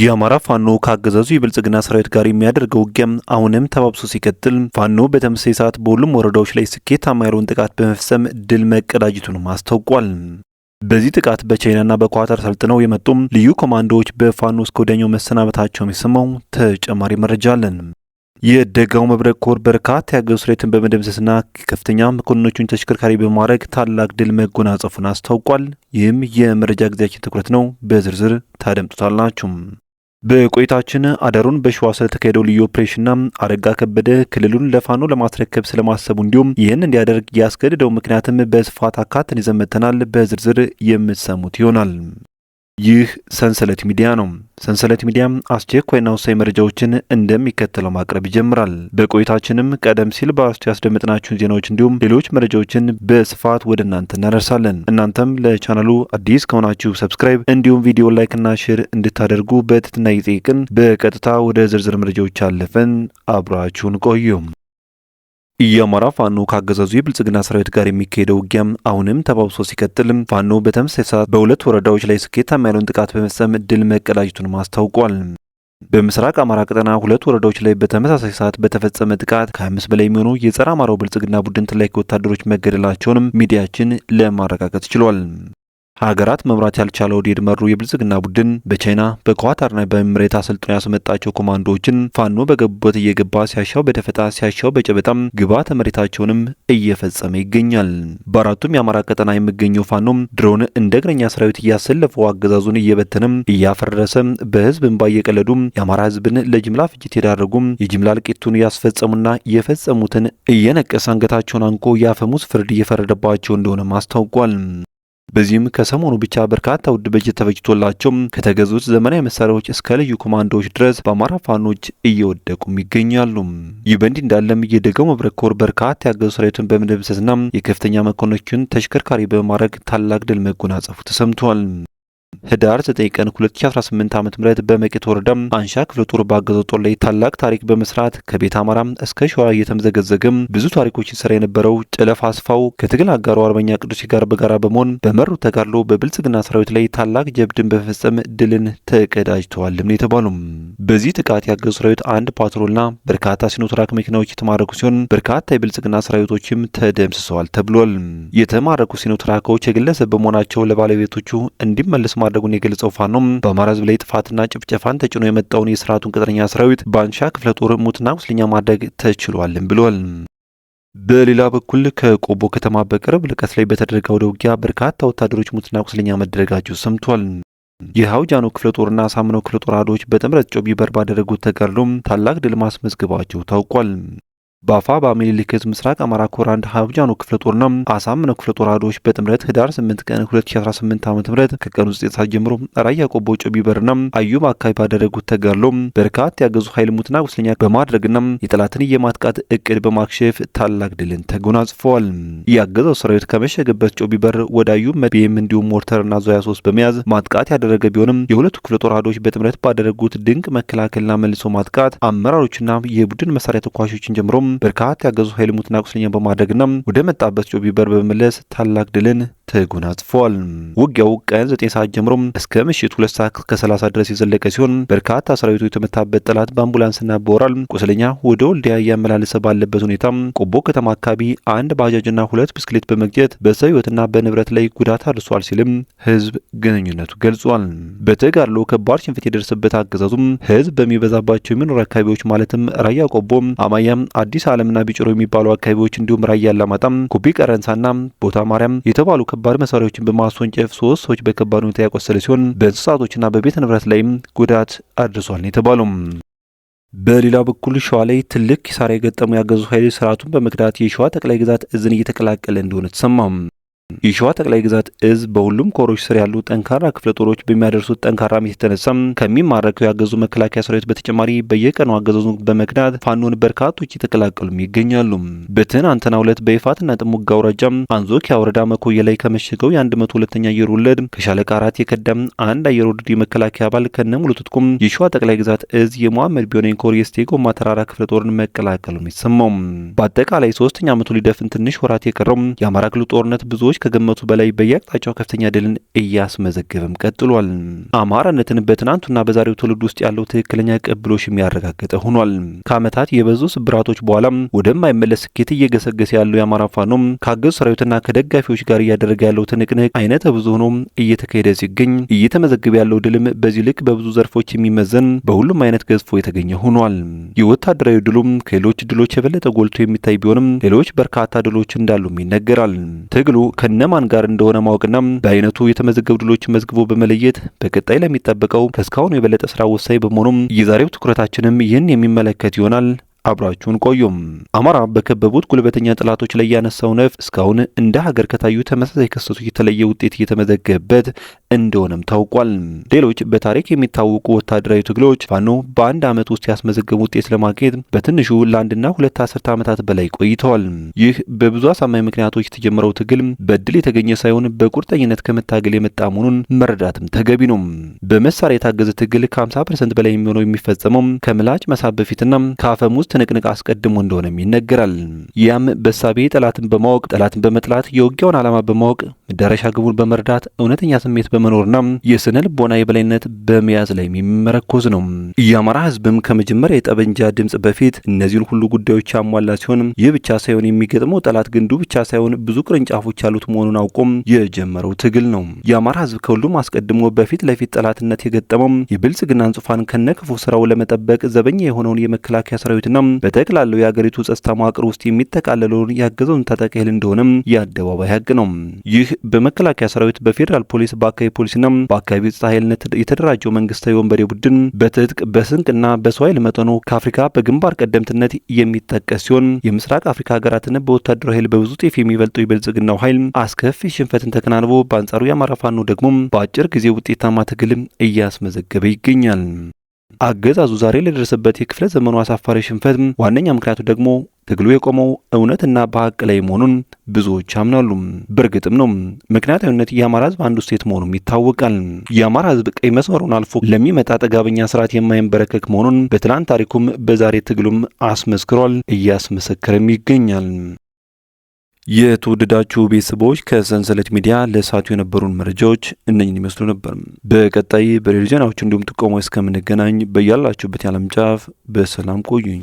የአማራ ፋኖ ከአገዛዙ የብልጽግና ሰራዊት ጋር የሚያደርገው ውጊያም አሁንም ተባብሶ ሲቀጥል ፋኖ በተመሳሳይ ሰዓት በሁሉም ወረዳዎች ላይ ስኬታማ ያለውን ጥቃት በመፍጸም ድል መቀዳጀቱንም አስታውቋል። በዚህ ጥቃት በቻይናና በኳታር ሰልጥነው የመጡም ልዩ ኮማንዶዎች በፋኖ እስከ ወዲያኛው መሰናበታቸውን የሰማው ተጨማሪ መረጃ አለን። የደጋው መብረቅ ኮር በርካታ የአገር ስሬትን በመደምሰስና ከፍተኛ መኮንኖቹን ተሽከርካሪ በማድረግ ታላቅ ድል መጎናጸፉን አስታውቋል። ይህም የመረጃ ጊዜያችን ትኩረት ነው። በዝርዝር ታደምጡታላችሁ። በቆይታችን አዳሩን በሸዋ ስለተካሄደው ልዩ ኦፕሬሽንና አረጋ ከበደ ክልሉን ለፋኖ ለማስረከብ ስለማሰቡ እንዲሁም ይህን እንዲያደርግ ያስገድደው ምክንያትም በስፋት አካትን ይዘመተናል። በዝርዝር የምትሰሙት ይሆናል። ይህ ሰንሰለት ሚዲያ ነው። ሰንሰለት ሚዲያም አስቸኳይና ወሳኝ መረጃዎችን እንደሚከተለው ማቅረብ ይጀምራል። በቆይታችንም ቀደም ሲል በአስቸ ያስደመጥናችሁን ዜናዎች እንዲሁም ሌሎች መረጃዎችን በስፋት ወደ እናንተ እናደርሳለን። እናንተም ለቻናሉ አዲስ ከሆናችሁ ሰብስክራይብ፣ እንዲሁም ቪዲዮ ላይክና ሼር እንድታደርጉ በትህትና እየጠየቅን በቀጥታ ወደ ዝርዝር መረጃዎች አለፈን። አብራችሁን ቆዩም። የአማራ ፋኖ ካገዛዙ የብልጽግና ሰራዊት ጋር የሚካሄደው ውጊያም አሁንም ተባብሶ ሲቀጥል ፋኖ በተመሳሳይ ሰዓት በሁለት ወረዳዎች ላይ ስኬታማ ያለውን ጥቃት በመሰም ድል መቀዳጀቱንም አስታውቋል። በምስራቅ አማራ ቀጠና ሁለት ወረዳዎች ላይ በተመሳሳይ ሰዓት በተፈጸመ ጥቃት ከአምስት በላይ የሚሆኑ የጸረ አማራው ብልጽግና ቡድን ተላላኪ ወታደሮች መገደላቸውንም ሚዲያችን ለማረጋገጥ ችሏል። ሀገራት መምራት ያልቻለው ኦህዴድ መሩ የብልጽግና ቡድን በቻይና በኳታርና በምሬት አሰልጥኖ ያስመጣቸው ኮማንዶዎችን ፋኖ በገቡበት እየገባ ሲያሻው በደፈጣ ሲያሻው በጨበጣም ግብዓተ መሬታቸውንም እየፈጸመ ይገኛል። በአራቱም የአማራ ቀጠና የሚገኘው ፋኖም ድሮን እንደ እግረኛ ሰራዊት እያሰለፈው አገዛዙን እየበተነም እያፈረሰም በህዝብ እንባ እየቀለዱም የአማራ ህዝብን ለጅምላ ፍጅት የዳረጉም የጅምላ እልቂቱን እያስፈጸሙና የፈጸሙትን እየነቀሰ አንገታቸውን አንቆ ያፈሙዝ ፍርድ እየፈረደባቸው እንደሆነም አስታውቋል። በዚህም ከሰሞኑ ብቻ በርካታ ውድ በጀት ተበጅቶላቸው ከተገዙት ዘመናዊ መሳሪያዎች እስከ ልዩ ኮማንዶዎች ድረስ በአማራ ፋኖች እየወደቁም ይገኛሉ። ይህ በእንዲህ እንዳለም የደጋው መብረቅ ኮር በርካታ ያገዙ ሰራዊቱን በመደምሰስና የከፍተኛ መኮንኖችን ተሽከርካሪ በማድረግ ታላቅ ድል መጎናጸፉ ተሰምቷል። ህዳር 9 ቀን 2018 ዓ.ም በመቄት ወረዳ አንሻ ክፍለ ጦር ባገዘው ጦር ላይ ታላቅ ታሪክ በመስራት ከቤት አማራ እስከ ሸዋ እየተመዘገዘገም ብዙ ታሪኮች ሰራ የነበረው ጨለፍ አስፋው ከትግል አጋሩ አርበኛ ቅዱስ ጋር በጋራ በመሆን በመሩ ተጋድሎ በብልጽግና ሰራዊት ላይ ታላቅ ጀብድን በመፈጸም ድልን ተቀዳጅተዋልም የተባሉም። በዚህ ጥቃት ያገዙ ሰራዊት አንድ ፓትሮልና በርካታ ሲኖትራክ መኪናዎች የተማረኩ ሲሆን በርካታ የብልጽግና ሰራዊቶችም ተደምስሰዋል ተብሏል። የተማረኩ ሲኖትራኮች የግለሰብ በመሆናቸው ለባለቤቶቹ እንዲመለስ ማድረጉን የገለጸው ፋኖም በአማራ ህዝብ ላይ ጥፋትና ጭፍጨፋን ተጭኖ የመጣውን የስርዓቱን ቅጥረኛ ሰራዊት በአንሻ ክፍለ ጦር ሙትና ቁስለኛ ማድረግ ተችሏልም ብሏል። በሌላ በኩል ከቆቦ ከተማ በቅርብ ርቀት ላይ በተደረገ ወደ ውጊያ በርካታ ወታደሮች ሙትና ቁስለኛ መደረጋቸው ሰምቷል። የሀውጃኖ ክፍለ ጦርና አሳምነው ክፍለ ጦር አዶች በጥምረት ጮቢ በር ባደረጉት ተጋድሎም ታላቅ ድል ማስመዝግባቸው ታውቋል። በአፋባ ምኒልክ ምስራቅ አማራ ኮር አንድ ሀብጃኖ ክፍለ ጦርና አሳምነው ክፍለ ጦር አህዶች በጥምረት ህዳር 8 ቀን 2018 ዓ ም ከቀኑ 9 ሰዓት ጀምሮ ራያ ቆቦ ጮቢ በርና አዩም አካባቢ ባደረጉት ተጋድሎ በርካታ ያገዙ ኃይል ሙትና ቁስለኛ በማድረግና የጠላትን የማጥቃት እቅድ በማክሸፍ ታላቅ ድልን ተጎናጽፈዋል። ያገዘው ሰራዊት ከመሸገበት ጮቢ በር ወደ አዩም መድም እንዲሁም ሞርተርና ዞያ 3 በመያዝ ማጥቃት ያደረገ ቢሆንም የሁለቱ ክፍለ ጦር አህዶች በጥምረት ባደረጉት ድንቅ መከላከልና መልሶ ማጥቃት አመራሮችና የቡድን መሳሪያ ተኳሾችን ጀምሮ በርካታ ያገዙ ኃይል ሙትና ቁስለኛን በማድረግና ወደ መጣበት ጮቢ በር በመመለስ ታላቅ ድልን ተጎናጽፏል። ውጊያው ቀን 9 ሰዓት ጀምሮ እስከ ምሽት 2 ሰዓት ከ30 ድረስ የዘለቀ ሲሆን በርካታ ሰራዊቱ የተመታበት ጠላት በአምቡላንስና በወራል ቁስለኛ ወደ ወልዲያ እያመላለሰ ባለበት ሁኔታ ቆቦ ከተማ አካባቢ አንድ ባጃጅና ሁለት ብስክሌት በመግጨት በሰው ህይወትና በንብረት ላይ ጉዳት አድርሷል ሲልም ህዝብ ግንኙነቱ ገልጿል። በተጋድሎ ከባድ ሽንፈት የደረሰበት አገዛዙም ህዝብ በሚበዛባቸው የመኖር አካባቢዎች ማለትም ራያ ቆቦ፣ አማያም፣ አዲስ አዲስ ዓለምና ቢጭሮ የሚባሉ አካባቢዎች እንዲሁም ራያ አላማጣ፣ ኩቢ ቀረንሳና ቦታ ማርያም የተባሉ ከባድ መሳሪያዎችን በማስወንጨፍ ሶስት ሰዎች በከባድ ሁኔታ ያቆሰለ ሲሆን በእንስሳቶችና በቤት ንብረት ላይም ጉዳት አድርሷል ነው የተባሉም። በሌላ በኩል ሸዋ ላይ ትልቅ ኪሳራ የገጠሙ ያገዙ ኃይል ስርዓቱን በመክዳት የሸዋ ጠቅላይ ግዛት እዝን እየተቀላቀለ እንደሆነ ተሰማም። የሸዋ ጠቅላይ ግዛት እዝ በሁሉም ኮሮች ስር ያሉ ጠንካራ ክፍለ ጦሮች በሚያደርሱት ጠንካራ ምት የተነሳም ከሚማረከው የአገዙ መከላከያ ሰራዊት በተጨማሪ በየቀኑ አገዛዙ በመክዳት ፋኖን በርካቶች የተቀላቀሉም ይገኛሉ። በትናንትናው ዕለት በይፋትና ጥሙጋ አውራጃ አንዞኪያ ወረዳ መኮየ ላይ ከመሸገው የ102ኛ አየር ወለድ ከሻለቃ አራት የከዳም አንድ አየር ወለድ የመከላከያ አባል ከነ ሙሉ ትጥቁም የሸዋ ጠቅላይ ግዛት እዝ የሞሐመድ ቢሆነኝ ኮር የስቴጎማ ተራራ ክፍለ ጦርን መቀላቀሉም ይሰማው። በአጠቃላይ ሶስተኛ ዓመቱ ሊደፍን ትንሽ ወራት የቀረው የአማራ ክልል ጦርነት ብዙዎች ከገመቱ በላይ በየአቅጣጫው ከፍተኛ ድልን እያስመዘገበም ቀጥሏል። አማራነትን በትናንቱና በዛሬው ትውልድ ውስጥ ያለው ትክክለኛ ቅብሎሽ የሚያረጋግጠ ሆኗል። ከዓመታት የበዙ ስብራቶች በኋላ ወደማይመለስ ስኬት እየገሰገሰ ያለው የአማራ ፋኖም ከአገዙ ሰራዊትና ከደጋፊዎች ጋር እያደረገ ያለው ትንቅንቅ አይነተ ብዙ ሆኖ እየተካሄደ ሲገኝ እየተመዘገበ ያለው ድልም በዚህ ልክ በብዙ ዘርፎች የሚመዘን በሁሉም አይነት ገዝፎ የተገኘ ሆኗል። የወታደራዊ ድሉም ከሌሎች ድሎች የበለጠ ጎልቶ የሚታይ ቢሆንም ሌሎች በርካታ ድሎች እንዳሉም ይነገራል። ትግሉ ከነማን ጋር እንደሆነ ማወቅና በአይነቱ የተመዘገቡ ድሎችን መዝግቦ በመለየት በቀጣይ ለሚጠበቀው ከእስካሁኑ የበለጠ ስራ ወሳኝ በመሆኑም የዛሬው ትኩረታችንም ይህን የሚመለከት ይሆናል። አብራችሁን ቆዩም። አማራ በከበቡት ጉልበተኛ ጠላቶች ላይ ያነሳው ነፍ እስካሁን እንደ ሀገር ከታዩ ተመሳሳይ ክስተቶች የተለየ ውጤት እየተመዘገበት እንደሆነም ታውቋል። ሌሎች በታሪክ የሚታወቁ ወታደራዊ ትግሎች ፋኖ በአንድ ዓመት ውስጥ ያስመዘገቡ ውጤት ለማግኘት በትንሹ ለአንድና ሁለት አስርተ ዓመታት በላይ ቆይተዋል። ይህ በብዙ አሳማኝ ምክንያቶች የተጀመረው ትግል በእድል የተገኘ ሳይሆን በቁርጠኝነት ከመታገል የመጣ መሆኑን መረዳትም ተገቢ ነው። በመሳሪያ የታገዘ ትግል ከ50 ፐርሰንት በላይ የሚሆነው የሚፈጸመው ከምላጭ መሳብ በፊትና ውስጥ ትንቅንቅ አስቀድሞ እንደሆነም ይነገራል። ያም በሳቤ ጠላትን በማወቅ ጠላትን በመጥላት የውጊያውን ዓላማ በማወቅ መዳረሻ ግቡን በመርዳት እውነተኛ ስሜት በመኖርና የስነ ልቦና የበላይነት በመያዝ ላይ የሚመረኮዝ ነው። የአማራ ህዝብም ከመጀመሪያ የጠበንጃ ድምፅ በፊት እነዚህን ሁሉ ጉዳዮች ያሟላ ሲሆን ይህ ብቻ ሳይሆን የሚገጥመው ጠላት ግንዱ ብቻ ሳይሆን ብዙ ቅርንጫፎች ያሉት መሆኑን አውቆም የጀመረው ትግል ነው። የአማራ ህዝብ ከሁሉም አስቀድሞ በፊት ለፊት ጠላትነት የገጠመው የብልጽግናን ጽፋን ከነክፉ ስራው ለመጠበቅ ዘበኛ የሆነውን የመከላከያ ሰራዊትና በጠቅላላው የአገሪቱ ጸጥታ መዋቅር ውስጥ የሚጠቃለለውን ያገዘውን ታጣቂ ኃይል እንደሆነም የአደባባይ ሀቅ ነው። ይህ በመከላከያ ሰራዊት፣ በፌዴራል ፖሊስ፣ በአካባቢ ፖሊስና በአካባቢ ጸጥታ ኃይልነት የተደራጀው መንግስታዊ ወንበዴ ቡድን በትጥቅ በስንቅና በሰው ኃይል መጠኑ ከአፍሪካ በግንባር ቀደምትነት የሚጠቀስ ሲሆን የምስራቅ አፍሪካ ሀገራትን በወታደራዊ ኃይል በብዙ ጤፍ የሚበልጠው የብልጽግናው ኃይል አስከፊ ሽንፈትን ተከናንቦ በአንጻሩ የአማራ ፋኖ ደግሞ በአጭር ጊዜ ውጤታማ ትግል እያስመዘገበ ይገኛል። አገዛዙ ዛሬ ለደረሰበት የክፍለ ዘመኑ አሳፋሪ ሽንፈት ዋነኛ ምክንያቱ ደግሞ ትግሉ የቆመው እውነትና በሀቅ ላይ መሆኑን ብዙዎች ያምናሉ። በእርግጥም ነው። ምክንያታዊነት የአማራ ህዝብ አንዱ ሴት መሆኑም ይታወቃል። የአማራ ህዝብ ቀይ መስመሩን አልፎ ለሚመጣ ጥጋበኛ ስርዓት የማይንበረከክ መሆኑን በትናንት ታሪኩም በዛሬ ትግሉም አስመስክሯል፣ እያስመሰከረም ይገኛል። የተወደዳችሁ ቤተሰቦች ከሰንሰለት ሚዲያ ለሳቱ የነበሩን መረጃዎች እነኝን ይመስሉ ነበር። በቀጣይ በሌሎች ዜናዎች እንዲሁም ጥቆማ እስከምንገናኝ በያላችሁበት የዓለም ጫፍ በሰላም ቆዩኝ።